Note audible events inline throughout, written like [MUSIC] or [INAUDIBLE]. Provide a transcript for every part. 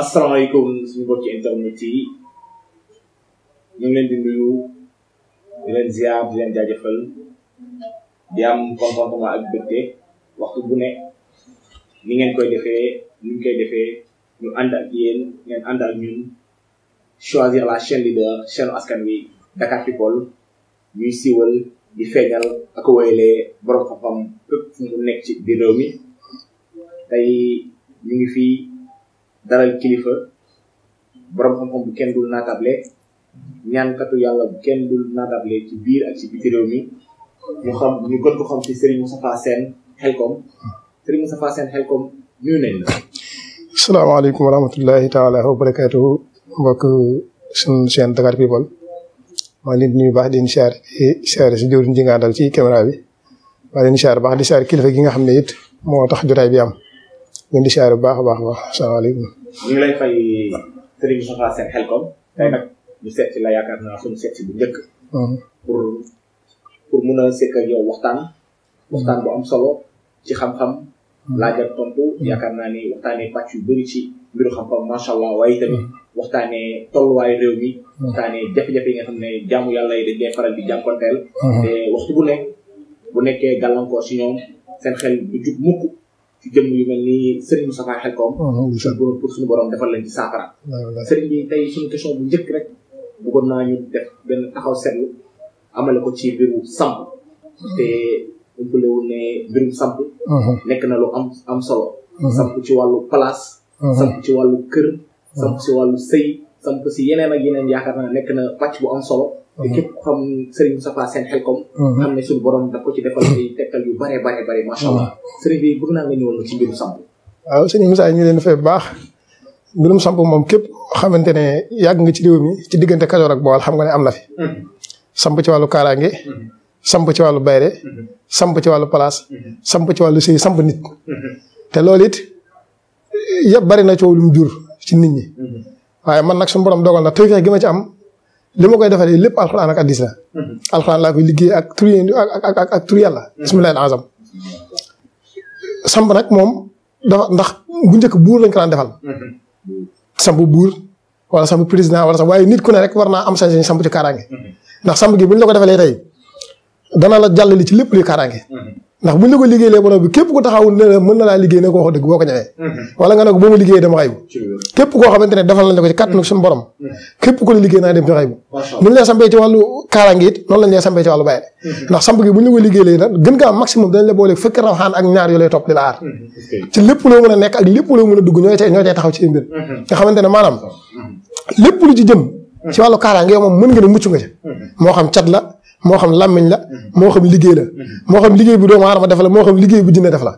asalaamaaleykum suñu mbokki internet yi ñu ngi leen di nuyu di leen ziar di leen jaajëfal di am ak bëgte waxtu bu ne ni ngeen koy defee ni ñu ak yéen ngeen ànd ak ñun choisir la chaîne leader chaîne askan wi Dakar People ñuy siiwal di feeñal ak woyalee borom xam-xam fépp fu mu nekk ci biir tey ñu ngi fii. dalal kilifa borom xam-xam bu kenn dul naatable ñaankatu yàlla bu kenn dul naatable ci biir ak ci biti ñu xam ñu gën ko xam ci Serigne Moustapha Sène Xelkom Serigne Moustapha Sène Xelkom nuyu nañ la. salaamaaleykum wa rahmatullahi nuyu baax di leen siyaar si jëwriñ ji nga àndal ci caméra baax di siyaar kilifa gi nga xam ne it moo tax jotaay bi am. ñun di siyaare bu baax a baax a baax asalaamaaleykum. ñu ngi lay fay Serigne Moustapha Sène Khelcom tey nag ñu seet si la bu am solo ci xam-xam. laaj ak yaakaar naa ni waxtaanee pàcc yu bëri ci mbiru xam-xam macha allah waaye tamit waxtaanee réew mi. waxtaanee jafe-jafe yi nga xam ne jaamu yàlla yi dañ koy faral di jànkonteel. te waxtu bu nekk bu nekkee gàllankoor si ñoom seen xel du jub mukk. ci jëmm yu mel ni Serigne Moustapha Xelkom. Ah, ah, pour suñu borom defal leen ci saafara. Serigne bi tey suñu question bu njëkk rek bëggoon naa ñu def benn taxaw seetlu amale ko ci mbiru samp te umpale wu ne mbirum samp. Ah, nekk na lu am am solo. samp ci wàllu place. samp ci wàllu kër. samp ci wàllu sëy samp si yeneen ak yeneen yaakaar naa nekk na pàcc bu am solo. te képp ku xam Serigne Moustapha seen xel kom xam ne suñu borom daf ko ci defal ay tegtal yu bare bare bare macha allah Serigne bi bëgg naa nga ñëwoon ci mbirum samp waaw Serigne Moussa ñu leen dafay baax mbirum samp moom képp xamante ne yàgg nga ci réew mi ci diggante Kajoor ak Bawol xam nga ne am na fi samp ci wàllu kaaraange samp ci wàllu bayre samp ci wàllu place samp ci wàllu sëy samp nit te loolu it yëpp bari na coow lu mu jur ci nit ñi waaye man nag suñu borom dogal na tawfeex gi ma ci am li ma koy defaree lépp alxuraan ak addis la. Mhm. alxuraan laa koy liggéey ak tur ak ak ak ak tur yàlla. Mhm. bisimilah samp nag moom dafa ndax bu njëkk buur lañ ko daan defal. Mhm. samp buur wala samp président wala samp waaye nit ku ne rek war naa am sañ-sañ samp ci kaaraange. ndax samp gi bu ñu la ko defalee tey dana la jàllale ci lépp luy kaaraange. ndax buñ la ko liggéeyee borom bi képp ku taxawul ne la mën na laa liggéey ne ko wax dëgg boo ko ñëwee wala nga ne ko boo ma liggéeyee dama xaybu képp koo xamante ne defal nañ la ko ci kàttanu suñu borom mm-hmm. képp ku la liggéey naa dem ci xaybu buñ la sampee ci wàllu kaaraange it noonu mm-hmm. la ko la topp di la aar mm-hmm. ci lépp loo mën a nekk ak lépp loo mën a dugg ñoo cay ñoo cay ne maanaam lépp lu ci jëm ci wàllu kaaraange yow moom mën nga ne mucc nga ca moo xam cat la moo xam làmmiñ la moo xam liggéey la moo xam liggéey bu doomu aadama def la moo xam liggéey bu jinne def la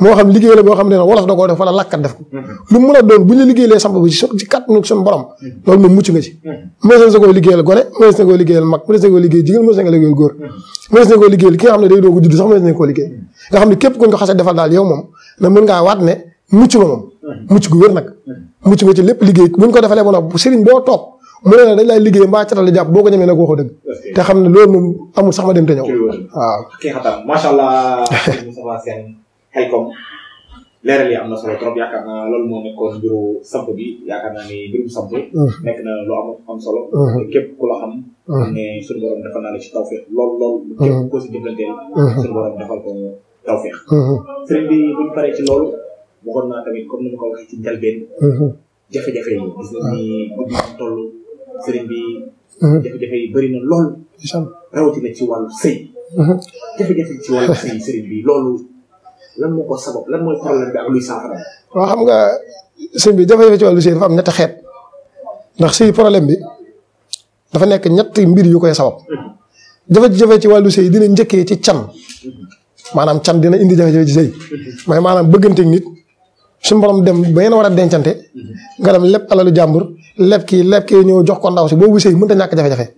moo xam liggéey la boo xam ne wolof da koo def wala lakkat def ko lu mu mën a doon bu ñu la liggéeylee samp bi ci kàttanu suñu borom loolu moom mucc nga ci mënees na sa koy liggéeyal gone mënees na koo liggéeyal mag mënees na koo liggéeyal jigéen mënees na koo liggéeyal góor mënees na koo liggéeyal ki nga xam ne day doogu judd sax mënees na koo liggéey nga xam ne képp kuñ ko xasee defal daal yow moom na mën ngaa waat ne mucc nga moom mucc gu wér nag mucc nga ci lépp liggéey buñ ko defalee ba noppi sëriñ boo toog mu ne la dañ laay liggéey mbaa catal la jàpp boo ko ñemee nag waxoo dëgg te xam ne loolu moom amul sax ma dem te ñëw waaw macha allah [LAUGHS] Moustapha Sène Khelcom leeral yi am na solo trop yaakaar naa loolu moo nekkoon mbiru samp bi yaakaar naa ni mbirum mm. am solo mm. képp ku la xam mm. xam ne suñu borom defal naa la ci tawfeex lool lool képp koo si bi buñ mm-hmm. jafe-jafe yi gis nañ ni guddi am sëriñ mhm. lool. incha allah rawatina ci wàllu sëy. Mhm. xam nga sëriñ bi jafe-jafe ci wàllu sëy dafa am ñetti xeet ndax sëy problème bi dafa nekk ñetti mbir yu koy sabab. Mhm. jafe-jafe ci wàllu sëy dina njëkkee ci can maanaam can dina indi jafe-jafe ci sëy mooy maanaam bëgganteeg nit su borom dem ba ngeen war a dencante nga dem lépp alalu jàmbur. leb kii leb kii ñëw jox ko ndaw si boobu sëy mënta ñàkk jafe-jafe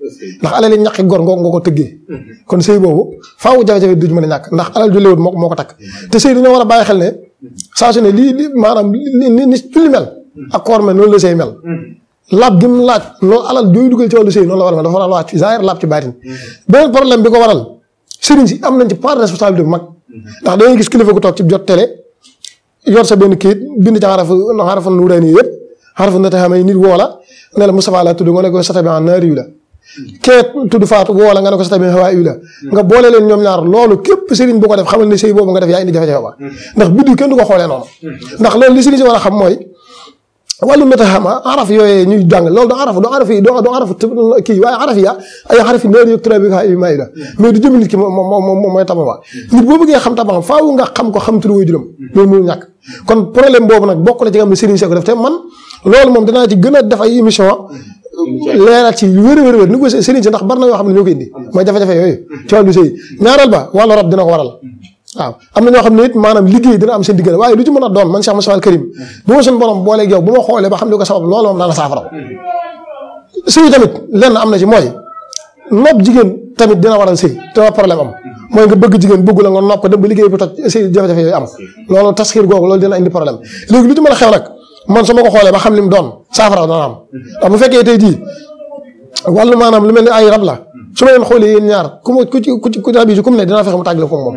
ndax alal yi ñàkki gor ngoo ko tëggee mhm. kon sëy boobu faaw jafe-jafe duñ mën a ñàkk ndax alal ju léwut moo moo ko takk mhm. te sëy a bàyyi xel ne maanaam ni ni julli mel mhm. ak koor noonu la sëy mel laab gi mu laaj loolu alal jooyu dugal ci wàllu sëy war a mel dafa war a laaj ci zaahir laab ci baatin beneen problème bi ko waral sëriñ si am nañ ci part de responsabilité mag ndax dañuy gis kilifa gu toog ci jot télé yor sa benn kayit bind ci xarafu xarafu nuuraan yi yëpp xarfu na taxamay nit woo la ne la Moustapha la tudd nga ne ko satabi an naariyu la kee tudd faatu woo nga ne ko satabi hawaayu la nga boole leen ñoom ñaar loolu képp sëriñ bu ko def xamal ne sëy boobu nga def yaa indi jafe-jafe ba mm. ndax biddu kenn du ko xoolee noonu mm. ndax loolu li sëriñ si war a xam mooy wàllu métaxama araf yooyee ñuy jàng loolu du araf du araf kii waaye araf ya ay araf yi néer yu turabika may da mais nit ki moom moom mooy tamama nit boo ko xam turu way juróom loolu mënul ñàkk kon problème boobu nag bokk la ci nga xam ne Serigne Seck moom danaa ci gën a def ay émission leeral ci wér wér wér ni ko Serigne si ndax bari na yoo xam ne ñoo ko indi mooy jafe-jafe yooyu ci wàllu sëy ñaareel ba wàllu rab dina ko waral waaw am na ñoo xam ne it maanaam liggéey dina am seen diggante waaye lu ci mën a doon man Cheikh Moussa Karim bu ma suñu borom tamit lenn am na ci mooy nopp jigéen tamit dina waral sëy te problème am mooy nga bëgg jigéen bëggu nga nopp ko dem ba liggéey bi toj sëy jafe-jafe yooyu am loolu tasxiir googu loolu dina indi problème léegi a xew nag man ma ko xoolee ba xam li mu doon saafara dana am ndax bu fekkee tey maanaam lu mel ni ay rab la su xoolee yéen ku ku ku ci rab yi ci mu ne ko moom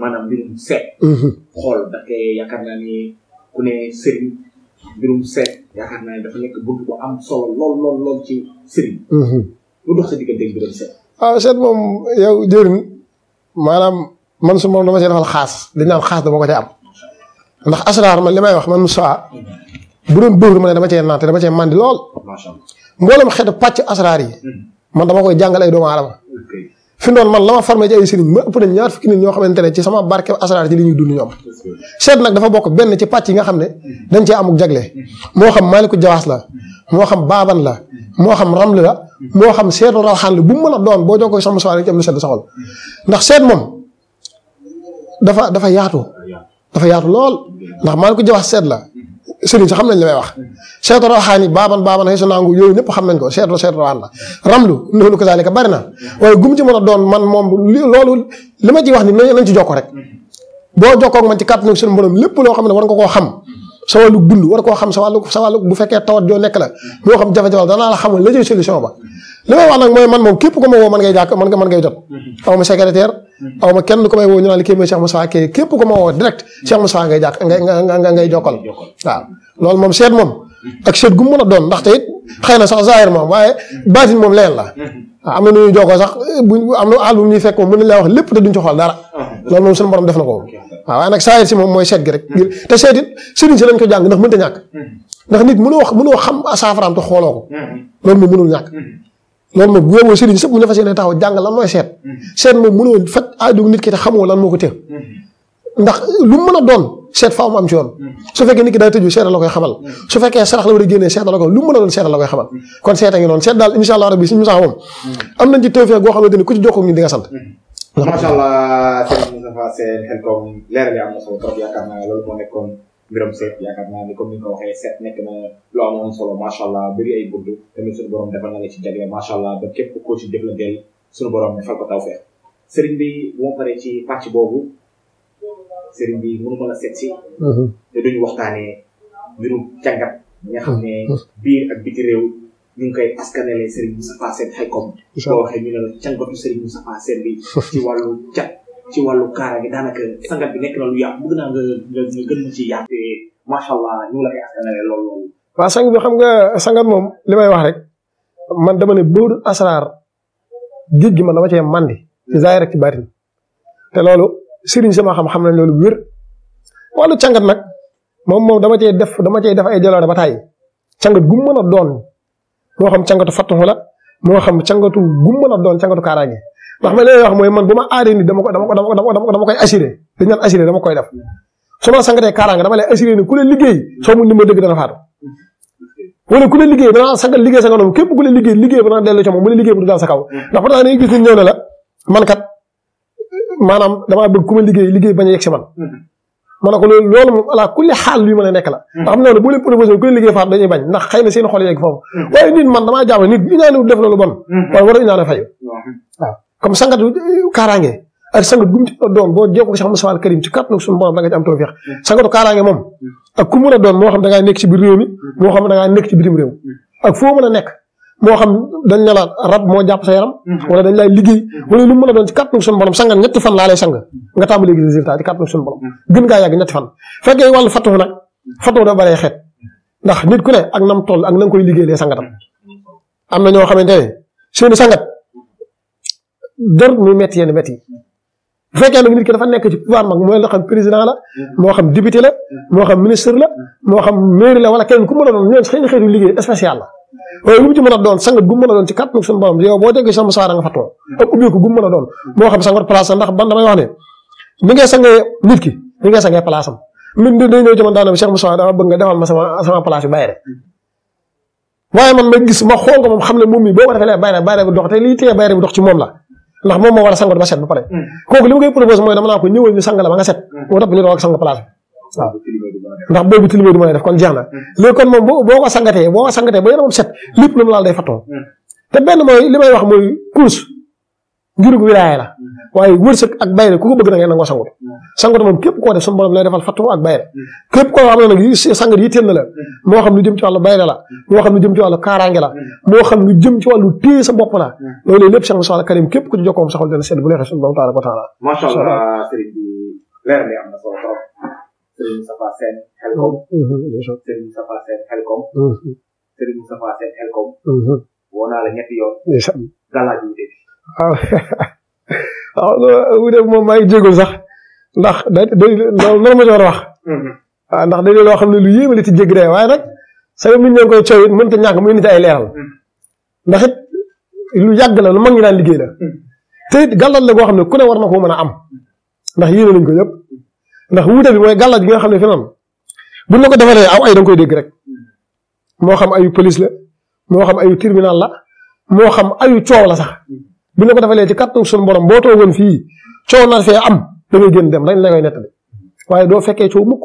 maanaam mbirum seet. Mhm. xool parce que bu mhm. ah, yow jëriñ maanaam man su moom dama see defal xaas li naan xaas dama ko cee am ndax asraar man li may wax man Moussa bu ma ne dama cee naan te dama cee màndi lool. macha allah pàcc asraar yi. Mhm. man dama koy jàngale ay doomu aadama. fi ndoon man la ma formé ci ay sëriñ ma ëpp nañ ñaar ñoo xamante ne ci sama barke asrar ci li ñuy dund ñoom seet nag dafa bokk benn ci pàcc yi nga xam ne dañ cee amuk jagle moo xam maaliku jawaas la moo xam baaban la moo xam ramli la moo xam seetu rawxaan la bu mu mën a doon boo jokkoo sama soirée ci am lu sedd saxol ndax seet moom dafa dafa yaatu dafa yaatu lool ndax maaliku jawaas seet la sëriñ sax xam nañ li may wax a roxaani baaban baaban xëy sa nangu yooyu ñëpp xam nañ ko seetu seetu roxaan la ramlu loolu ko saalika bari na waaye gum ci mën a doon man moom loolu li ma ci wax ni nañ ci jokko rek boo jokkoo man ci kàttanu suñu borom lépp loo xam ne war nga koo xam sa wàllu dund war koo xam sa bu fekkee tawat joo nekk la boo xam jafe-jafe danaa la xamal la ci solution ba li may wax nag mooy man moom képp ko ma woo mën ngay jàkk may woo ñu képp ko ma woo direct ngay jàkk ngay ngay jokkal waaw loolu moom seet moom ak seet gu mu a doon ndaxte it xëy na sax zaahir moom waaye baatin moom leen la mm-hmm. waaw am na nu ñuy jokkoo sax bu am na àll ñuy fekk moom mën na laa wax lépp te duñ ci dara loolu moom suñu borom def na ko moom waaw waaye nag saayir si moom mooy seet gi rek hmm. te seet it si lañ ko jàng ndax mënta ñàkk hmm. ndax nit mënoo wax mënoo xam saafaraam te xooloo ko hmm. loolu moom mënul ñàkk loolu moom bu yóbboo sëriñ sëpp bu taxaw jàng lan mooy seet seet moom nit ki te xamoo lan moo ko téew ndax lu mën a doon seet faaw mu am ci yoon su fekkee nit seet la koy xamal su fekkee sarax a génnee seet la koy mu la koy xamal kon sax moom am nañ ci tawfeex goo xamante ni ku ci jokkoo ñu di nga sant macha allah sëñ Moustapha seen xel comme leer bi am na solo trop yaakaar naa loolu moo nekkoon mbiram seet yaakaar naa ni comme ni nga ko waxee seet nekk na lu amoon solo macha allah bëri ay bunt tamit suñu borom defal na la ci jagle macha allah ba képp koo ci jëflanteel suñu borom defal ko tawfeex sëriñ bi bu ma ci pàcc boobu sëriñ bi mënu ma la seet si. Mhm. te duñu waxtaanee mbirum jàngat. nga xam ne mhm. biir ak biti ñu ngi koy askanale Serigne Moustapha Sène Xelcom. incha boo waxee ñu ne la càngatu Serigne ci wàllu cat ci wàllu ma ci yàq. bi xam nga sangat moom li may wax rek man dama ne booru asraar gi man dama cee màndi ci zaahir ak ci baatin te loolu Serigne sama xam-xam nañ loolu wér wàllu càngat nag moom moom dama cee def dama cee def ay jaloore ba tàyyi càngat gu mu mën a doon. moo xam cangatu fattaxu la moo xam cangatu gumba la doon cangatu kaaraange ndax ma lay mooy man bu ma aaree ni dama ko dama ko dama ko dama koy assuré dañ naan assuré dama koy def su ma la sangatee kaaraange dama lay assuré ni ku la liggéey soo mu ni ma dëgg dana faatu wala ku la liggéey dana sangal liggéey sa ku la liggéey liggéey ba dana dellu ci moom la liggéey bu du dal sa kaw ndax pourtant dañuy gis ni ñëw ne la man kat maanaam damaa bëgg ku ma liggéey liggéey bañ a yegg si man ma ne ko loolu loolu moom ala kulli xaal luy mën a nekk la hmm. a xam naa ne boo leen proposé ku leen faat dañuy bañ ndax xëy na seen xol yegg foofu hmm. waaye a inaane hmm. fayu waaw comme sangatu kaaraange a doon moo xam nekk ci xam da ngaa nekk ci bitim réew ak foo mën a nekk moo xam dañ ne la rab moo jàpp sa yaram. Mhm. wala dañ lay liggéey. Mhm. wala lu mu mën a doon ci kàttanu suñu borom sangan ñetti fan laa lay sang mhm. nga tàmbalee gis résultat ci kàttanu suñu borom. gën ngaa yàgg ñetti fan fekkee wàllu fatuhu nag xeet ndax nit ku ne ak nam toll ak na koy liggéeyee sangatam am na ñoo xamante ne seeni sangat dër muy métti yenn métti bu fekkee nag nit ki dafa nekk ci pouvoir mag mooy la xam président la moo xam député la moo xam ministre la moo xam maire la wala kenn ku mën a doon ñoom xëy na liggéey spécial la waaye lu mu ci mën a doon sangat gu mën a doon ci kàttan suñu borom yow boo déggee sama saara nga fatoo ak ubbeeku ko moom xam ndax boobu tilim du mën a def kon jeex na mm. léegi kon moom boo ko sangatee boo ko sangatee ba yaramam set lépp lu mu laal day mm. te benn mooy li may wax mooy kurus ngirug wilaaya la mm. waaye wërsëg ak bayre ku ko bëgg da ngay nangoo sangut sangut moom képp koo def suñu borom defal fattu ak bay képp koo xam na nag sangat yi ténn la moo xam lu jëm ci wàllu bayre la moo xam lu jëm ci wàllu kaaraange la moo xam lu jëm ci wàllu téye sa bopp la loolu lépp Cheikh Moussa Karim képp ku ci jokkoom saxul dana sedd bu neexee suñu borom taala ko taala macha allah sëriñ bi leer bi am na sëriñ moom maa ngi jégul sax ndax day day loolu lan ma ci war a wax. ndax loo xam ne lu yéeme la ci waaye nag sama mbir ñoo ngi koy coow it mënut a mu indi ci leeral. ndax it lu yàgg la lu mag ñi daan liggéey la. te it la goo xam ne ku ne war na ko mën a am ndax yéene nañ ko yëpp. ndax wuute bi mooy gàllaaj gi nga xam ne fi mu am buñ ko defalee aw ay da nga koy dégg rek moo xam ayu police la moo xam ayu tribunal la moo xam ayu coow la sax buñ la ko defalee ci kàttan suñu borom boo toogoon fii coow nar fee am da génn dem dañ la koy nettali waaye doo fekkee coow mukk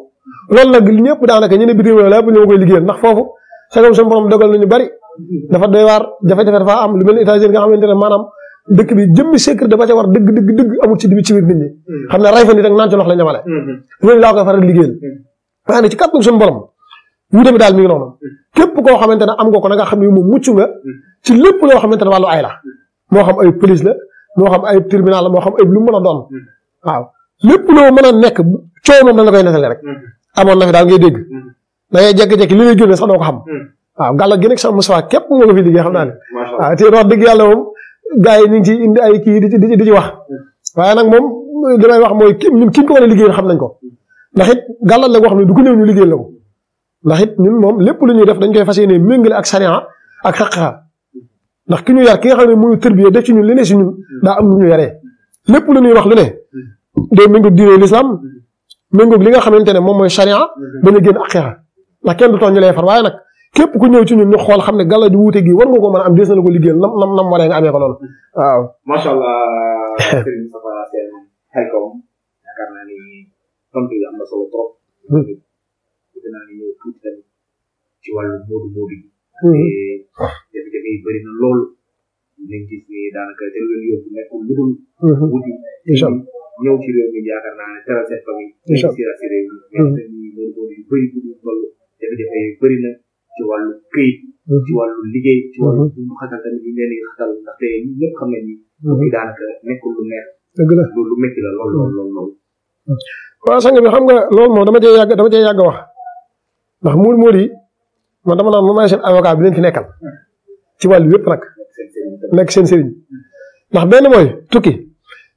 loolu nag ñëpp daanaka ñu ne bitim réew lépp ñoo koy liggéeyal ndax foofu sagam suñu borom dogal nañu bari dafa doy waar jafe-jafe dafa am lu mel ni états-unis nga xamante ne maanaam dëkk bi jëmmi secret dafa ca war dëgg dëgg dëgg amul ci dibi ci biir nit ñi hmm. xam ne ray fa nit ak naan ci lox la ñamale ñooñu hmm. laa koy faral liggéeyal hmm. waaye ne ci kàttan suñu borom wuute bi daal mi képp koo xamante ne am nga ko na nga xam ne moom mucc nga ci lépp loo xamante ne wàllu ay la moo xam ay police la moo xam ay tribunal la moo xam ay lu mën a doon waaw lépp loo mën a nekk coow moom dañ la koy nettali rek amoon na fi daal ngay dégg da ngay jékki-jékki li ngay génne sax doo ko xam waaw gàlla gi nag sax Moussa képp moo ko fi liggéey xam naa ne waaw te wax dëgg yàlla moom gars yi ñu ngi ciy indi ay kii di ci di ci wax waaye nag moom li may wax mooy kii ñun ki ñu war a liggéeyal xam nañ ko ndax it gàllal la goo xam ne du ko néew ñu liggéeyal la ko ndax it ñun moom lépp lu ñuy def dañ koy fas yéene méngale ak sariya ak xaqiqa ndax ki ñu yar ki nga xam ne mooy tërbiye def ci ñun li ne si ñun daa am lu ñu yaree lépp lu ñuy wax lu ne day méngoog diine lislaam méngoog li nga xamante ne moom mooy sariya mm-hmm. ba ñu génn ak xeexa ndax kenn du tax ñu lay far waaye nag képp ku ñëw ci ñun ñu xool xam ne gala di wute gi war nga ko mën a am des na la ko liggéeyal waree nga amee ko noonu allah Serigne Moustapha Sène xel kawam yaakaar naa ni tontu yi am na solo trop. Hmm. Hmm. dinaa hmm. ñëw ci wàllu moodu moodu yi. jafe te loolu yóbbu famille. incha allah ñu ngi ci wàllu këyit mhm. ci wàllu liggéey ci wàllu bu mhm. xatal tamit xam nañ mhm. lool waaw sang bi xam nga loolu moom dama cee yàgg dama cee yàgg wax ndax muur muur yi man dama naan moom maay seen avocat bi leen fi nekkal ci wàllu yëpp nag nekk seen sëriñ ndax benn mooy tukki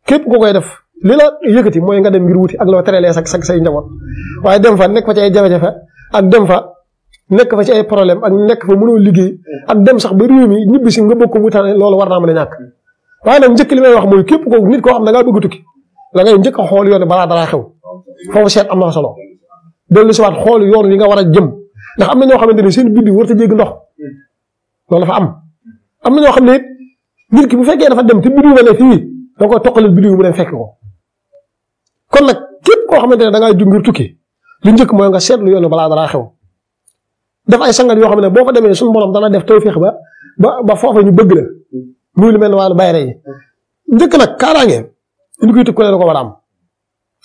képp ku koy def li la yëkkati mooy nga dem ngir wuti ak loo terelee sa sa say njaboot waaye dem fa nekk fa ci ay jafe-jafe ak dem fa nekk fa ci ay problème ak nekk fa mënoo liggéey ak dem sax ba réew mi ñibbi si nga bokk wutaane loolu war naa mën a ñàkk waaye nag njëkk li may wax mooy képp ko nit ko xam na ngaa bëgg tukki ngay njëkk xool yoon balaa dara xew foofu am na solo dellu siwaat xool yoon yi nga war a jëm ndax am na ñoo xamante ne seen biddi war ta jéggi loolu dafa am am na ñoo xam ne nit ki bu fekkee dafa dem te biddiw ba ne fii da koy toqalil biddiw mu dem fekk ko kon nag képp koo xamante ne da ngaa jug ngir tukki li njëkk mooy nga seetlu yoon balaa dara xew def ay sangat yoo xam ne boo ko demee suñu borom dana def tawféex ba ba ba foofa ñu bëgg la mu lu mel ne wàllu bayre yi njëkk nag kaaraange li koy tëkkalee ko war a am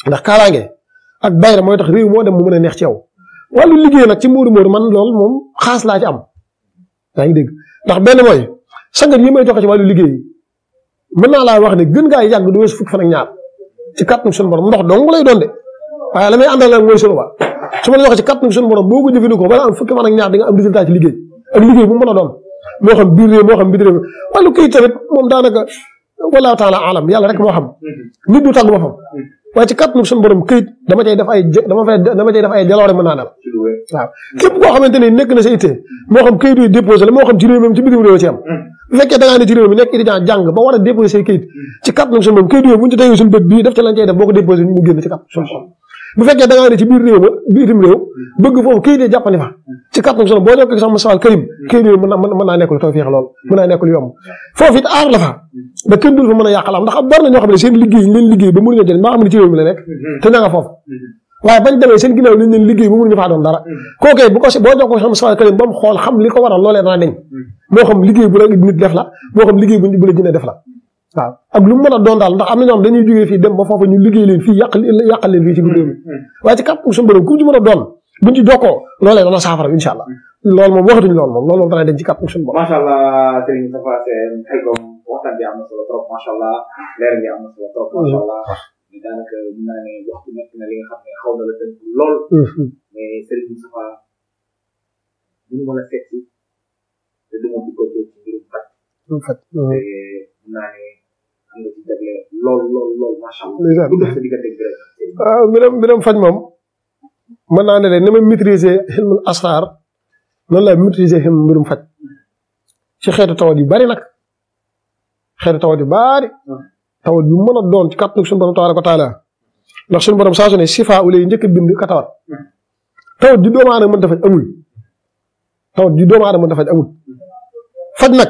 ndax kaaraange ak bayre mooy tax réew moo dem mu mën neex ci yow wàllu liggéey nag ci Modou Modou man loolu moom xaas laa ci am yaa ngi dégg ndax benn mooy sangat yi may joxe ci wàllu liggéey mën naa laa wax ne gën ngaa yàgg du weesu fukki fan ak ñaar ci kàttan suñu ndox dong lay doon de waaye la may àndal nag mooy suñu waa su ma la joxee ci kàttan suñu borom boo ko jëfandikoo bala am fukki fan ak am liggéey ak liggéey bu mu a doon moo xam biir moo xam biir réew wàllu këyit yàlla rek moo xam nit du tàgg boppam waaye ci dama cay def ay dama fay jaloore mën naa dal waaw képp koo xamante nekk na sa ittee moo xam këyit yooyu déposé la moo xam ci réew mi ci bitim réew ci am bu fekkee da ngaa ne ci réew mi nekk étudiant jàng ba war a déposé say këyit ci kàttan suñu borom këyit yooyu bu ñu ci teyee bët bii def ci lañ cay def boo ko déposé mu génn ci bu fekkee da ngaa ne ci biir réew ma biirim foofu kayit yi jàppandi fa ci kàttan solo boo jokkee sax Moussa Karim kayit a yàqalaam ndax bari na ñoo xam ne seen liggéey ñu leen la ko boo jokkoo sax Karim ba xool xam li ko waral loolee dana deñ moo xam liggéey bu la nit def la moo xam liggéey bu la jënee def la waaw ak lu mu mën a doon daal ndax am na ñoo xam dañuy jógee fii dem ba foofa ñu liggéey leen fii yàq yàqal leen fii ci biir réew mi mm, mm, mm. waaye ci kàpp suñu borom ku ci mën a doon bu ci jokkoo loolee dana saafara insha allah loolu moom waxatuñ loolu moom loolu moom dana dem lool mm-hmm. mais Serigne Moustapha buñu mën a seet si te duma dugg xam naa ne faj ah, moom mën naa ne de ni ma maîtriser xilmul asraar noonu laay maîtriser xilmul mbirum faj ci xeetu tawat yu bari nag xeetu tawat yu bari tawat yu mën a doon ci kàttanu suñu borom tabaaraka wa taala ndax suñu borom saa su ne sifaa ulay njëkk a bind ka tawat tawat ju doomu aadama mën dafa amul tawat ju doomu aadama mën dafa amul faj nag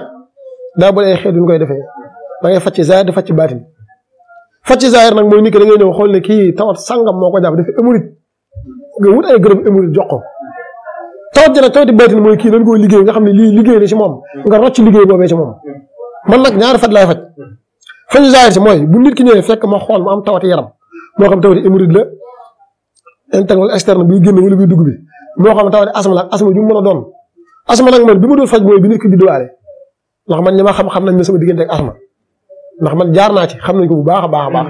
daa bëri ay xeet yu ñu koy defee. da ngay facc zaahir di facc baatin facc zaahir nag mooy nit ki da ngay xool ne kii tawat sangam moo ko jàpp dafa émurit nga wut ay gërëm émurit jox ko tawat ji nag tawati baatin mooy kii dañ koy liggéey nga xam ne lii liggéey la ci moom nga rocc liggéey boobee ci moom man nag ñaari faj laay faj facc zaahir si mooy bu nit ki ñëwee fekk ma xool ma am tawati yaram moo xam tawati émurit la interne wala externe bi génn wala bi dugg bi moo xam tawati asma la asma ju mu mën a doon asma nag man bi ma doon faj mooy bi nit ki judduwaale ndax xam-xam nañ ne sama diggante ak asma ndax man jaar naa ci xam nañ ko bu baax a baax a baax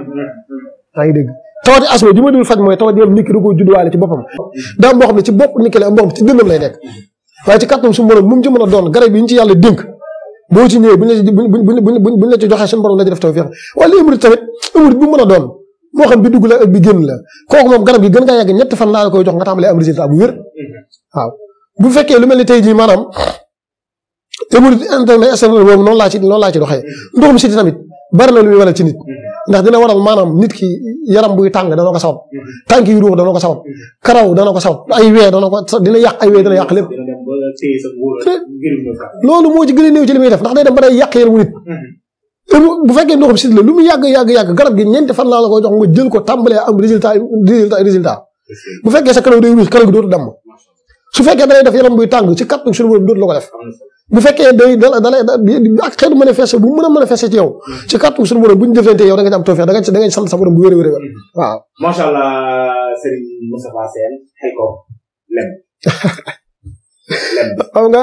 maa ngi dégg tawati asma ji ma dul faj mooy tawat yëpp nit ki da koo judduwaale ci boppam daa am boo xam ne ci bopp nit am boo xam ne ci dënnam lay nekk waaye ci kàttanam suñu borom mu mu ci mën a doon garab yi ci yàlla dénk boo ci ñëwee buñ la buñ la ci joxee suñu borom la ci def tawfiq bu mën a doon moo xam bi dugg la ak bi génn la kooku moom garab gi gën ngaa yàgg ñett fan laa la koy jox nga tàmbalee am résultat bu wér bu fekkee lu mel ni tey jii maanaam émurit internet boobu noonu laa ci noonu laa ci doxee ndoxum siti tamit bari na lu muy ci nit ndax dina waral maanaam nit ki yaram buy tàng dana ko sabab tànk yu ruux dana ko saw karaw dana ko sabab ay wee dana ko dina yàq ay wee dina yàq lépp loolu moo ci gën a néew ci li muy def ndax day dem ba day yàq yaramu nit bu fekkee ndoxum si la lu mu yàgg yàgg yàgg garab gi ñeenti fan laa la ko jox nga jël ko tàmbalee am résultat résultat résultat bu fekkee sa karaw day ruus karaw gi dootu damm su fekkee da lay def yaram buy tàng ci kàttan suñu borom dootu la ko def bu fekkee day dala dala ak xeetu manifester bu mu mën a manifester ci yow mm. ci kàttu suñu borom bu ñu jëflantee yow da a a mm-hmm. waaw macha allah Serigne Moustapha Sène xel ko lem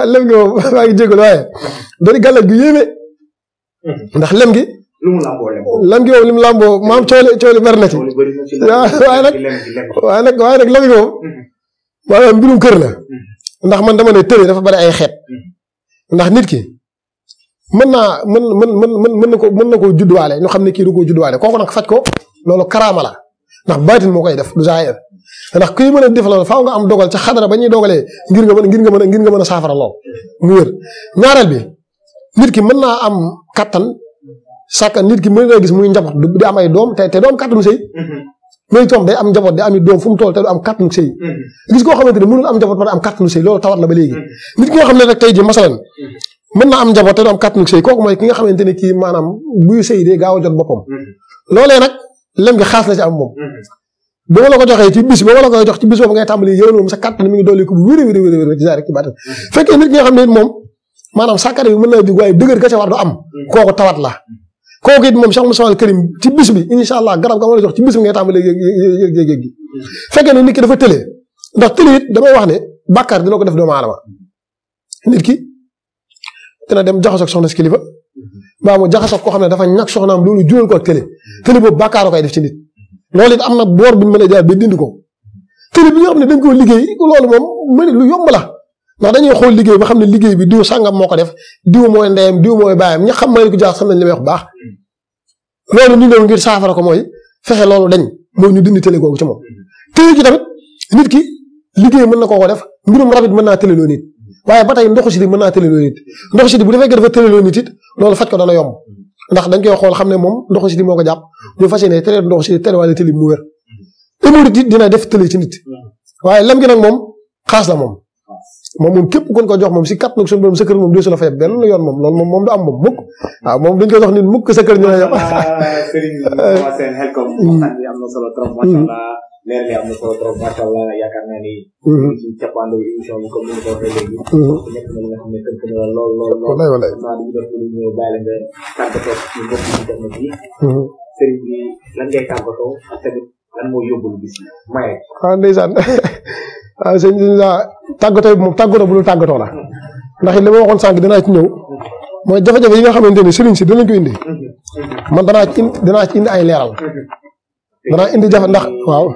[LAUGHS] [LAUGHS] ngi jégalu waaye mm-hmm. dari yéeme mm-hmm. ndax lem gi lem gi moom li mu làmboo maam coole coole bari na waaye nag waaye nag lem gi moom maanaam mbirum kër la ndax man dama ne tëri dafa bari ay xeet ndax nit ki mën naa mën mën mën mën na ko mën na koo juddwaale ñu xam ne kii du ko juddwaale kooku nag faj ko loolu karaama la ndax baatin moo koy def du zaahir ndax kuy mën a def loolu faaw nga am dogal ci xadara ba ñuy dogalee ngir nga mën ngir mën a a saafara lool mu wér ñaareel bi nit ki mën naa am kattan sàkka nit ki mën naa gis muy njaboot di am ay doom te te doom kattanu sëy mhm. yooyu itam day am njaboot day am doom fu mu toll te du am kàttanu sëy mm-hmm. gis koo xamante ne mënul a am kàttanu sëy loolu tawat la ba léegi mm-hmm. nit ki naa mm-hmm. am njaboot te du am kàttanu sëy kooku mooy ki nga xamante ne kii maanaam buy sëy a jot boppam ko joxee ci bis boobu ngay tàmbali yéwén moom sa kàttan bi mën naa jóg waaye dëgër ga war du am kooku tawat la kooku it moom Cheikh Moussa al Karim ci bis bi incha allah garab ga ma la jox ci bis bi ngay tàmbalee yéeg yéeg gi fekkee ne nit dafa tëlee ndax tële it damay wax ne bàkkaar dina ko def doomu aadama nit ki dina dem jaxasoo ak soxna si kilifa mbaa mu jaxasoo koo xam ne dafa ñàkk soxnaam loolu jural ko ak tële tële boobu bàkkaar koy def ci nit loolu it am na boor bu ñu mën a jaar ba dindi ko tële bi nga xam ne dañ koo liggéey loolu moom mën lu yomb la ndax dañuy xool liggéey ba xam ne liggéey bi diw sanga moo ko def diw mooy ndeyam diw mooy baayam ña xam Malick Diakhaté xam nañ li may wax bu baax loolu saafara ko mooy fexe loolu dañ mooy ñu dindi télé googu ci moom tey ci nit ki liggéey mën na koo def mbirum rabit mën naa téléloo nit waaye ba tey ndoxu siti mën naa téléloo bu defekkee dafa téléloo nit it loolu ko dana yomb ndax dañ koy xool xam ne moom ndoxu siti moo ko jàpp ñu fas yéene télé ndoxu mu wér dina def télé ci nit waaye lem gi nag moom xaas la moom moom moom képp kon ko jox moom si kat nag suñu borom sa kër moom dee su la fay benn yoon moom loolu moom moom du am moom mukk waaw moom duñ ko jox nit mukk sa kër ñu la yem ah, sëriñ [LAUGHS] seen xel ko mm. waxtaan bi am na solo trop macha mm. allah leer li am na solo trop macha allah yaakaar naa ni mm. ci cappaandaw émission bi comme ni ko waxee léegi nekk na li nga xam ne tënk na lool lool lool walaay walaay naa duñu def lu ñëw bàyyi la nga tàggatoo ñu mbokk yi def na fii sëriñ bi lan ngay tàggatoo ak tamit lan moo yóbbul bis maye ah ndeysaan [LAUGHS] Euh, sëñ bi tàggatoo bi moom tàggatoo bu dul tàggatoo la ndax li ma waxoon sànq dinaa ci ñëw mooy jafe-jafe yi nga xamante ni sëriñ si dinañ ko indi man danaa ci danaa ci indi ay leeral danaa indi jafe ndax waaw.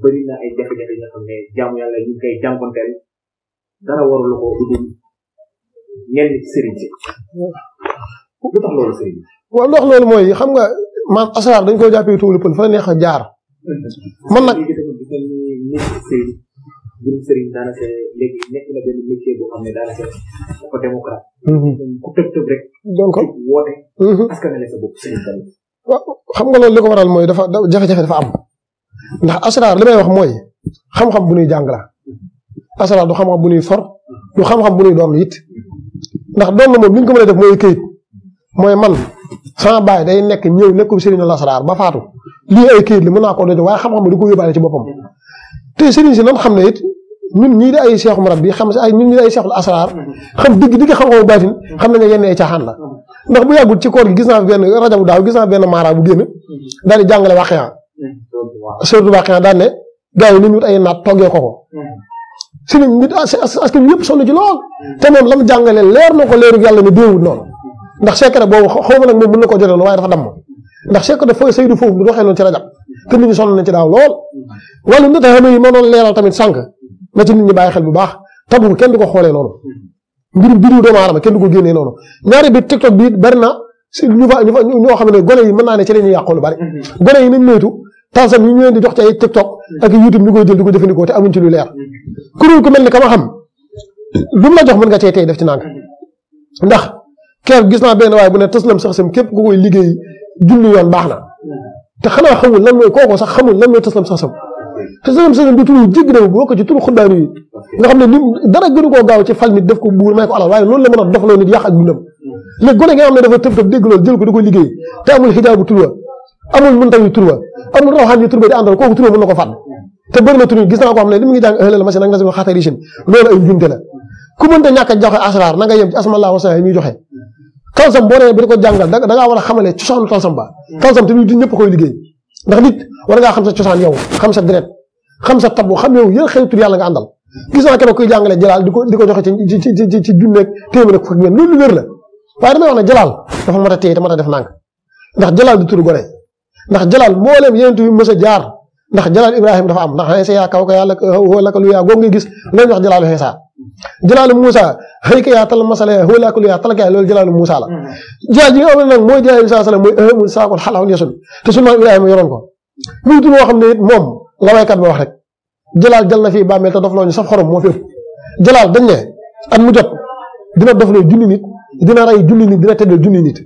bëri na ay jafe-jafe ngi koy jànkonteel dara warul ko dugg ñenn sëriñ si waaw lu loolu mooy xam nga maanaam asraar dañ koy jàppee tuuli pël fa la neex a jaar man nag na benn xam nga loolu li ko waral mooy dafa jafe-jafe dafa am ndax asraar li wax mooy xam-xam bu ñuy jàng la asraar du xam-xam bu ñuy for du xam-xam bu ñuy doon it ndax doon na moom li ko mën def mooy këyit mooy man. sama baay day nekk ñëw nekkum Serigne Lasrar ba faatu lii ay kayit la mën naa koo dojo waaye xam-xam du ko yóbbaale ci boppam te Serigne si nan xam ne it ñun ñii di ay seexum rab bi xam si ay ñun ñii di ay seexul asraar xam digg digg xam-xamu baatin xam nañu yenn ay caaxaan la ndax bu yàggul ci gis naa benn rajo bu daaw gis naa benn maara bu génn daal di jàngale waxiyan surtout waxiyan daal ne gars yi ni ñu ay naat toggee ko ko Serigne nit askan yëpp sonn ci lool te moom la mu jàngale leer na ko leeru yàlla ne déewul noonu ndax secret boobu xaw ma nag moom mën na ko jotee waaye dafa damm ndax secret fooy saytu foofu bu doxee noonu ci rajab te nit ñi sonn nañ ci a xam yi ma doon tamit sànq na ci nit ñi bàyyi xel bu baax tabu kenn du ko xoolee noonu mbirum bidu doomu aadama kenn du ko génnee noonu ñaari bi tiktok bi bari na si ñu fa ñu fa ñoo xam ne yi mën naa ne ci la ñuy yàqoo lu bari gone yi nañ moytu tansam yi ñu leen di jox ci ay tiktok ak youtube ñu koy jël di ko jëfandikoo te amuñ ci lu leer kuréel ku mel ni ka ma xam lu ma jox mën nga cee tey def ci nànk ndax keer gis naa benn waaye bu ne taslam sax sam ko ku koy liggéey julli yoon baax na te xanaa xamul lan mooy kooku sax xamul lan mooy taslam sax sam taslam du turu jéggi na boo ko ci turu xuddaanu yi nga xam ne ni dara gënu koo gaaw ci fal nit def ko buur may ko alal waaye loolu la mën a dofloo nit yàq ak dundam léegi gone nga ne dafa tëb tëb dégg loolu jël ko di ko liggéey te amul xijaabu turwa amul mun taw yi turwa amul rawxaan yi turwa di àndal kooku la ku mënta a joxe asraar na nga yem ci asmallaahu wa yi ñuy joxe kalsam boo demee ba di ko jàngal da war a xamale cosaanu kalsam ba kalsam te nit ñëpp koy liggéey ndax nit war ngaa xam sa cosaan yow xam sa deret xam sa tabu xam yow yéen xëytur yàlla nga àndal gis naa keroog kuy jàngale jalaal di ko di ko joxe ci ci ci ci junneeg téeméer ak fukk ngeen loolu lu wér la waaye damay wax ne jalaal dafa mat a téye te mat a ndax jalaal du turu gone ndax jalaal mbooleem yeneen yu mës a jaar ndax jalaal ibrahima dafa am ndax xanaa yaa kaw ko yàlla ka lu yaa goog ngay gis loolu wax jalaalu xeesaa jalaalu Moussa xëy ka yaa tal masala yaa xóolaakul yaa tal kaay loolu jalaalu Moussa la. Mm-hmm. jalaal ji nga xam ne nag mooy jalaalu Moussa salaam mooy ahamul ko. muy tur boo xam moom la waykat ba wax rek jalaal jal na fii bàmmeel te dof loo ñu moo fi ëpp. jalaal dañ ne mu jot dina dof loo junni nit dina rey junni nit dina teddal junni nit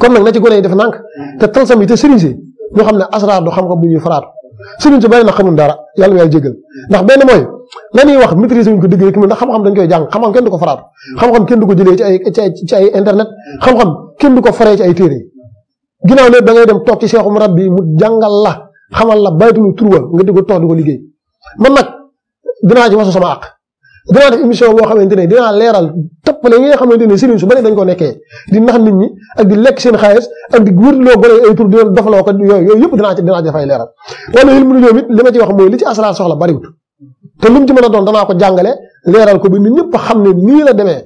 kon nag na ci gone yi def nànk te talsam yi te sëriñ si ñoo xam ne asraar du xam ko bu ñuy faraatu sëriñ si bàyyi na xamul dara yàlla nga jéggal ndax benn mooy la ñuy wax maîtriser wuñ ko dëgg rek ndax xam-xam dañ koy jàng xam-xam kenn du ko faraatu mm. xam ko jëlee ci ay ci internet mm. xam-xam kenn du ko faree ci ay téere ginnaaw lépp da ngay dem toog ci seexum rab bi mu jàngal la xamal la baytulu turwa nga di ko toog ko liggéey nag dinaa ci wasu sama xamante ne dinaa leeral toppale yi nga xamante bari ko nekkee di nax nit ñi ak di lekk seen xaalis ak di tur wax mooy li ci asraar soxla bariwut te lu mu ci mën a doon danaa ko jàngale leeral ko bi nit ñëpp xam ne nii la demee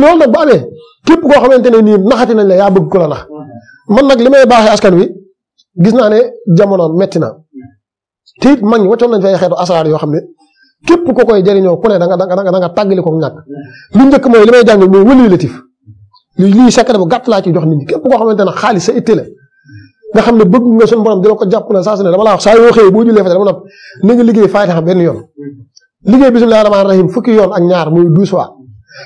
loolu nag bu amee képp ko xamante ne nii naxati nañ le yaa bëgg ko la nax man nag li may baaxee askan wi gis naa ne jamono metti na te it mag ñi waccoon nañ fay xeetu asaar yoo xam ne képp ko koy jëriñoo ku ne da nga da nga da nga ko ñàkk lu njëkk mooy li may jàng mooy wëliyu latif lii secret bu gàtt laa ci jox nit ñi képp koo xamante ne xaalis sa itte la nga xam ne bëgg nga suñu borom dina ko jàpp na saa ne dama laa wax saa yoo xëyee boo jullee fajar ba noppi na nga liggéey fukki yoon ak ñaar muy douze fois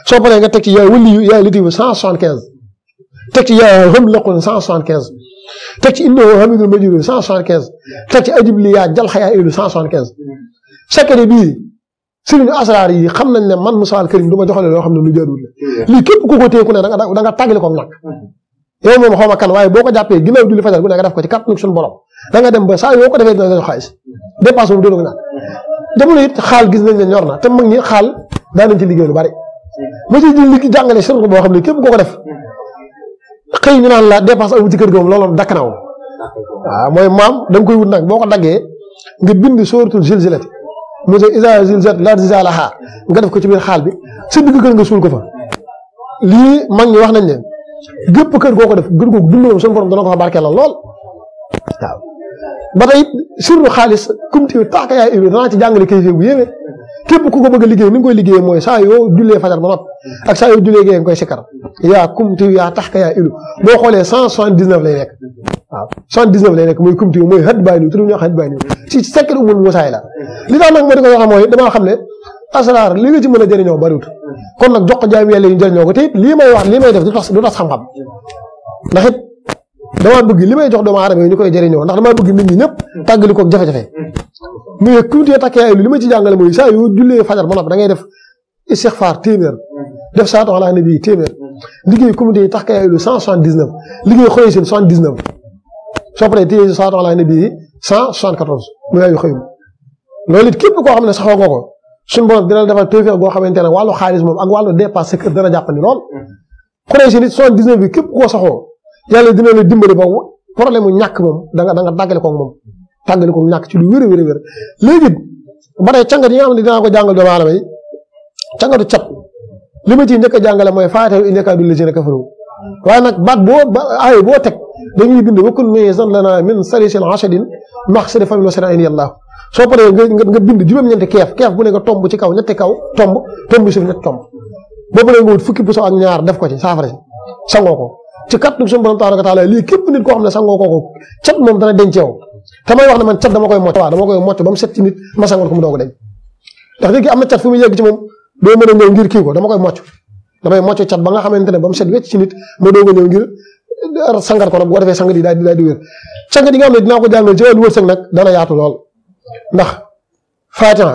soo paree nga teg ci yaay wëliyu yaay litiyu cent soixante quinze teg ci yaay xam yi xam nañ ne man Moussa al Karim du ma joxale loo xam ne lu jaadul la mm. lii képp ku ko téye ku ne danga danga ko nag yow moom xaw ma kan waaye boo ko jàppee ginnaaw julli fajar gu nga def ko ci kàttanu suñu borom da nga dem ba saa yoo ko defee gis nañ ne ñor na te mag ñi xaal daan nañ ci liggéey lu bari ma ci di jàngale surtout boo xam ne képp koo ko def xëy ñu naan la dépasse amul ci kër gi dakk na mooy maam da koy wut nag boo ko daggee nga bind sóoratul zilzilati monsieur Isa zilzat la zilzalaha nga def ko ci biir xaal bi sa digg kër nga suul ko fa lii mag ñi wax nañ ne gépp kër goo ko def gën ko dundaloon suñu borom dana ko fa barkeelal lool ba tey sirru xaalis kum tiwi taaka yaay ibi danaa ci jàngale kayfee bu yéeme képp ku ko bëgg a liggéey ni nga koy liggéeyee mooy sa yoo jullee fajar ba noppi ak saa yoo jullee gee nga koy sikkar kum tiwi yaa tax ka yaa boo xoolee cent soixante-dix-neuf lay nekk waaw soixante-dix-neuf lay mooy kum tiwi mooy xët bàyyi nii turam ñoo xët bàyyi nii ci sekkat umul musaay la li tax nag ma di ko wax mooy damaa xam ne asraar li nga ci mën a jëriñoo bariwut kon nag jox ko jaam yàlla ñu jëriñoo ko te it lii wax lii may li may jox doomu aadama yi ñu koy jëriñoo ndax damaa bëgg nit ñi ñëpp tàggali koog jafe-jafe mais kuutee takkee ay li ma ci jàngale mooy saa yu jullee fajar ba noppi def istixfaar téeméer def saatu ala nabi téeméer liggéey comité yi takkee ay lu cent soixante-dix-neuf liggéey xëy seen soixante-dix-neuf soo paree téye saatu ala nabi yaayu xëyum loolu it képp koo xam ne sax saxoo ko ko suñu borom dina la defal tawfeex goo xamante ne wàllu xaalis moom ak wàllu dépense sa kër dana jàppandi lool. Quraysh mhm. nit soixante dix neuf bi képp koo saxoo yàlla dina la dimbali ba problème mu ñàkk moom da nga da nga tàggale ko moom tàggale ko ñàkk ci lu wér a wér a wér léegi ba tey cangat yi nga xam ne dinaa ko jàngal doomu aadama yi cangatu cat li ma ciy njëkk a jàngale mooy faatahu innaka du lésina kafaru waaye nag baat boo ba boo teg dañuy bind wakun maisan lana min salisil achadin max sidi famille wa sera soo paree nga bind juróom-ñeenti keef keef bu ne nga tomb ci kaw ñetti kaw tomb tomb suuf ñetti tomb boo paree nga wut fukki puso ak ñaar def ko ci saafara si sangoo ko ci kàttu xam ne sangoo ko ko cat moom dana denc te may wax ne man cat dama koy mocc ba mu set ci nit ma ko mu a deñ ndax léegi am na cat fu doo kii ko dama koy mocc damay mocc cat ba nga xamante ne ba mu set wecc ci nit ma doog a ñëw ngir sangar ko nag bu ko da sang di di daal di wér sang di nga xam ne dinaa ko jàngal nag dana yaatu lool ndax faatiha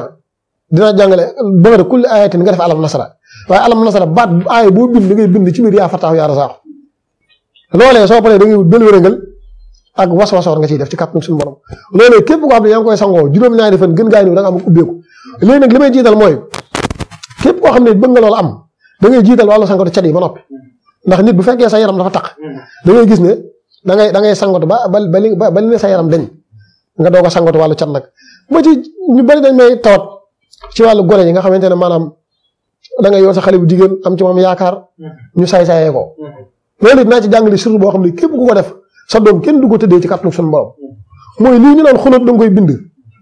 dinaa jàngale ba nga def kulli ayatin nga def alam nasara waaye alam nasara baat aaya boo bind da ngay bind ci biir yaa fataaxu yaa rasaaxu loolee soo paree da ngay bël wërëngal ak was-wasoor nga ciy def ci kàttan suñu borom loolee képp koo xam ne yaa ngi koy sangoo juróom-ñaari fan gën gaa ñëw da nga am ubbeeku léegi nag li jiital mooy képp koo xam ne bëgg nga loolu am da ngay jiital wàllu sangatu cat yi ba noppi ndax nit bu fekkee sa yaram dafa taq da gis ne da da ngay sangatu ba ba ba li sa yaram dañ nga doog a sangatu wàllu cat nag ba ci ñu bëri dañ may tawat ci wàllu gone yi nga xamante ne maanaam da nga yor sa xale bu jigéen am ci moom yaakaar mm-hmm. ñu saay-saayee ko mm-hmm. loolu it ci jàngale boo xam képp ku ko def sa doom du ko tëddee ci kàttanu suñu borom mooy lii ñu naan xulóot da nga koy bind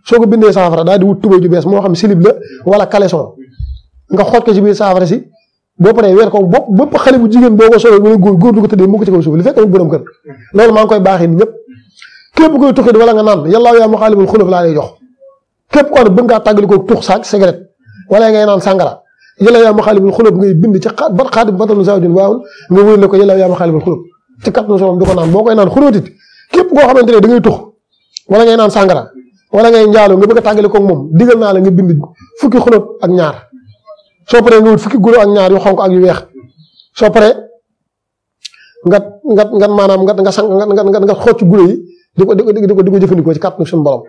soo ko bindee saafara daal di wut moo xam silib la wala caleçon mm-hmm. nga xooj si boo paree weer ko bopp suuf li fekk amul borom kër loolu maa ngi koy baaxee ni ñëpp képp koy tuxit wala nga naan yàllaaw yaa muxaalibul xuluf laa lay jox képp koo xam ne bëgg ngaa tàggali ko tux saak cigarette wala ngay naan sàngara yàllaaw yaa muxaalibul xuluf bind ci xaat ba xaatim batalu saajun waawul nga wéyal ko yàllaaw yaa muxaalibul xuluf ci kat nu sonom di ko naan boo koy naan xulóotit képp koo xamante ne da ngay tux wala ngay naan sàngara wala ngay njaaloo nga bëgg a tàggali ko moom digal naa la nga bind fukki xulóot ak ñaar soo paree nga wut fukki guro ak ñaar yu xonk ak yu weex soo paree nga nga nga maanaam nga nga sang nga nga nga xocc guro yi di ko di ko di ko di ko jëfandikoo ci kàttanu suñu borom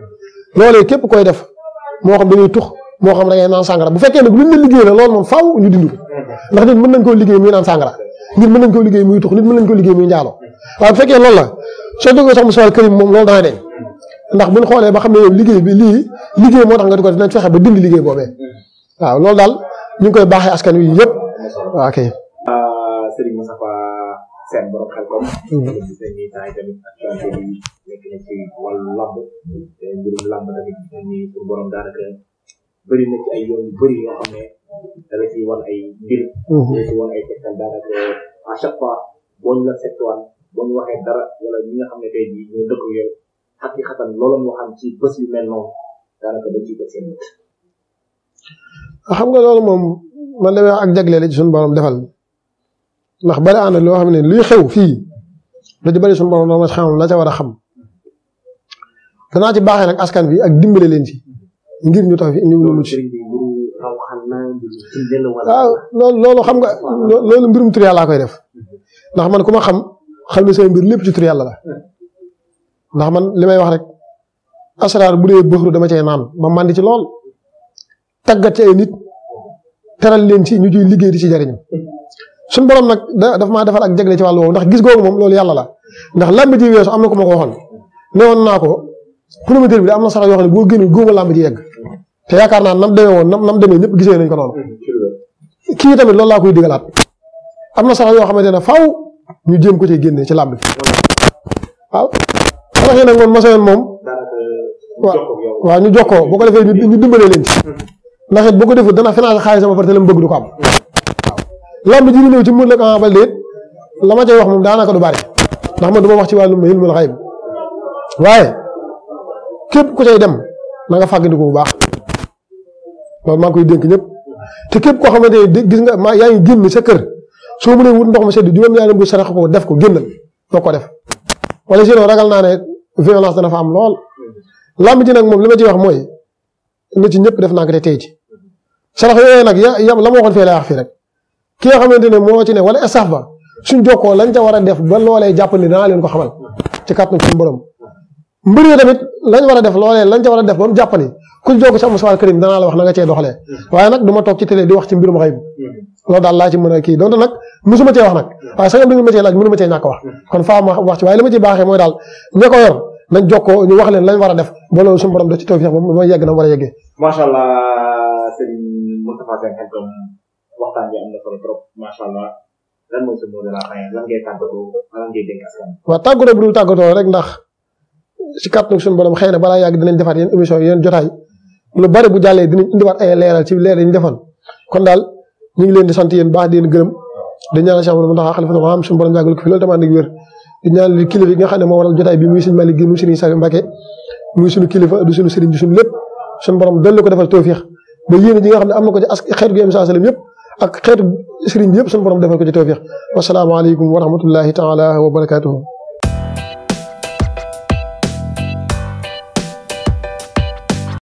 loolee képp koy def moo xam dañuy tux moo xam da ngay naan sàngara bu fekkee nag luñ la liggéey la loolu moom faaw ñu dindi ko ndax nit mën nañ koo liggéey muy naan sàngara nit mën nañ koo liggéey muy tux nit mën nañ koo liggéey muy njaaloo waaye bu fekkee loolu la soo jógee sax mosuwal kërim moom loolu dana deñ ndax buñ xoolee ba xam ne yow liggéey bi lii liggéey moo tax nga di ko dinañ fexe ba dindi liggéey boobee waaw loolu daal ñu ngi koy baaxee askan wi yëpp waaw kay ah, Serigne Moustapha seen borom xel comme. Mm-hmm. gis nañ ni temps daanaka bëri na yoo xam ne dala mm-hmm. fois boo ñu la dara wala ñi nga xam seen bët. xam nga loolu moom man la ak jagleel ci suñu borom defal. ndax bari ànd loo xam ne luy xew fii lu ci bari suñu borom dama xamul la ca war a xam danaa ci baaxee nag askan bi ak dimbale leen ci ngir ñu tax fi ñu loolu ci waaw loolu xam nga loolu mbirum tur koy def ndax man ku ma xam xam ne say mbir lépp ci tur yàlla la ndax man li may wax rek asraar bu dee bëxru dama cay naan ma màndi ci lool tàggat ci ay nit teral leen ci ñu ciy liggéey di ci jariñu suñu borom nag daf maa defar ak jagle ci wàll woowu ndax gis googu moom loolu yàlla la ndax làmb ji weesu am na ku ma ko waxoon ne woon naa ko promoteur bi da am na yoo xam ne boo génn góoma làmb ji yegg yaakaar naa nam demee woon nam demee ñëpp gisee nañ ko noonu kii tamit loolu laa koy digalaat am na sarax yoo xamante ne faaw ñu jéem ko ci génne ci làmb ji waaw sarax yi nag moom mos moom waaw ñu jox ko boo ko defee ñu dimbalee leen ci ndax boo ko deful dana financé xaalis sama far te la bëgg du ko am lamb ji di ñëw ci Modou Lo Ama Baldé la ma cay wax moom daanaka du bari ndax ma du ma wax ci wàllum ilmul xayb waaye képp ku cay dem na nga fàggandiku bu baax loolu maa koy dénk ñëpp te képp koo xamante ne gis nga maa yaa ngi génn sa kër soo ne wut ndox mu sedd juróom-ñaari bu sarax ko def ko génn doo ko def wala sinon ragal naa ne violence dana am lool. làmb ji nag moom li ma ci wax mooy nit ci ñëpp def naa ko te tey sarax yooyu nag ya ya la ma waxoon fee laa wax fii rek ki nga xamante ne moo ci ne wala estaf ba suñ jokkoo lañ ca war a def ba loolee jàppandi danaa leen ko xamal ci kàttan suñu borom mbir yi tamit lañ war a def loolee lañ ca war a def ba mu jàppandi ku jokk ci Moussa Karim danaa la na nga cee doxalee waaye a kii donte nag musuma cee wax nag waaye sax dañu ma cee laaj mënu ma cee ñàkk wax kon faa ma wax ci waaye li ma ci baaxee mooy daal ña ko yor nañ jokkoo ñu wax leen lañ war a def ba loolu suñu borom da ci taw sax ba ma yegg na war a yeggee. waxtaan bi am na solo trop macha rek ndax si kàttanu suñu borom xëy na balaa yàgg dinañ defaat yéen émission yéen jotaay lu bu jàllee dinañ indiwaat ay leeral ci leeral yi ñu defoon kon daal ñu ngi leen di sant yéen baax di leen gërëm di ñaanal Cheikh Mamadou Mountakha xalifa am suñu borom yàggal ko fi loolu tamit ànd ak wér di ñaanal kilifa yi nga xam ne moo waral jotaay bi muy suñu Malick Guèye muy suñu Saliou Mbacké muy suñu kilifa du suñu sëriñ di suñu lépp suñu borom dolli ko defal tawfiix ba yéen nga xam ne am na ko ci xeet ak xeetu sëriñ bi yëpp suñu borom defal ko ci tawfiq wasalaamaaleykum wa rahmatullahi taala wa barakatuhu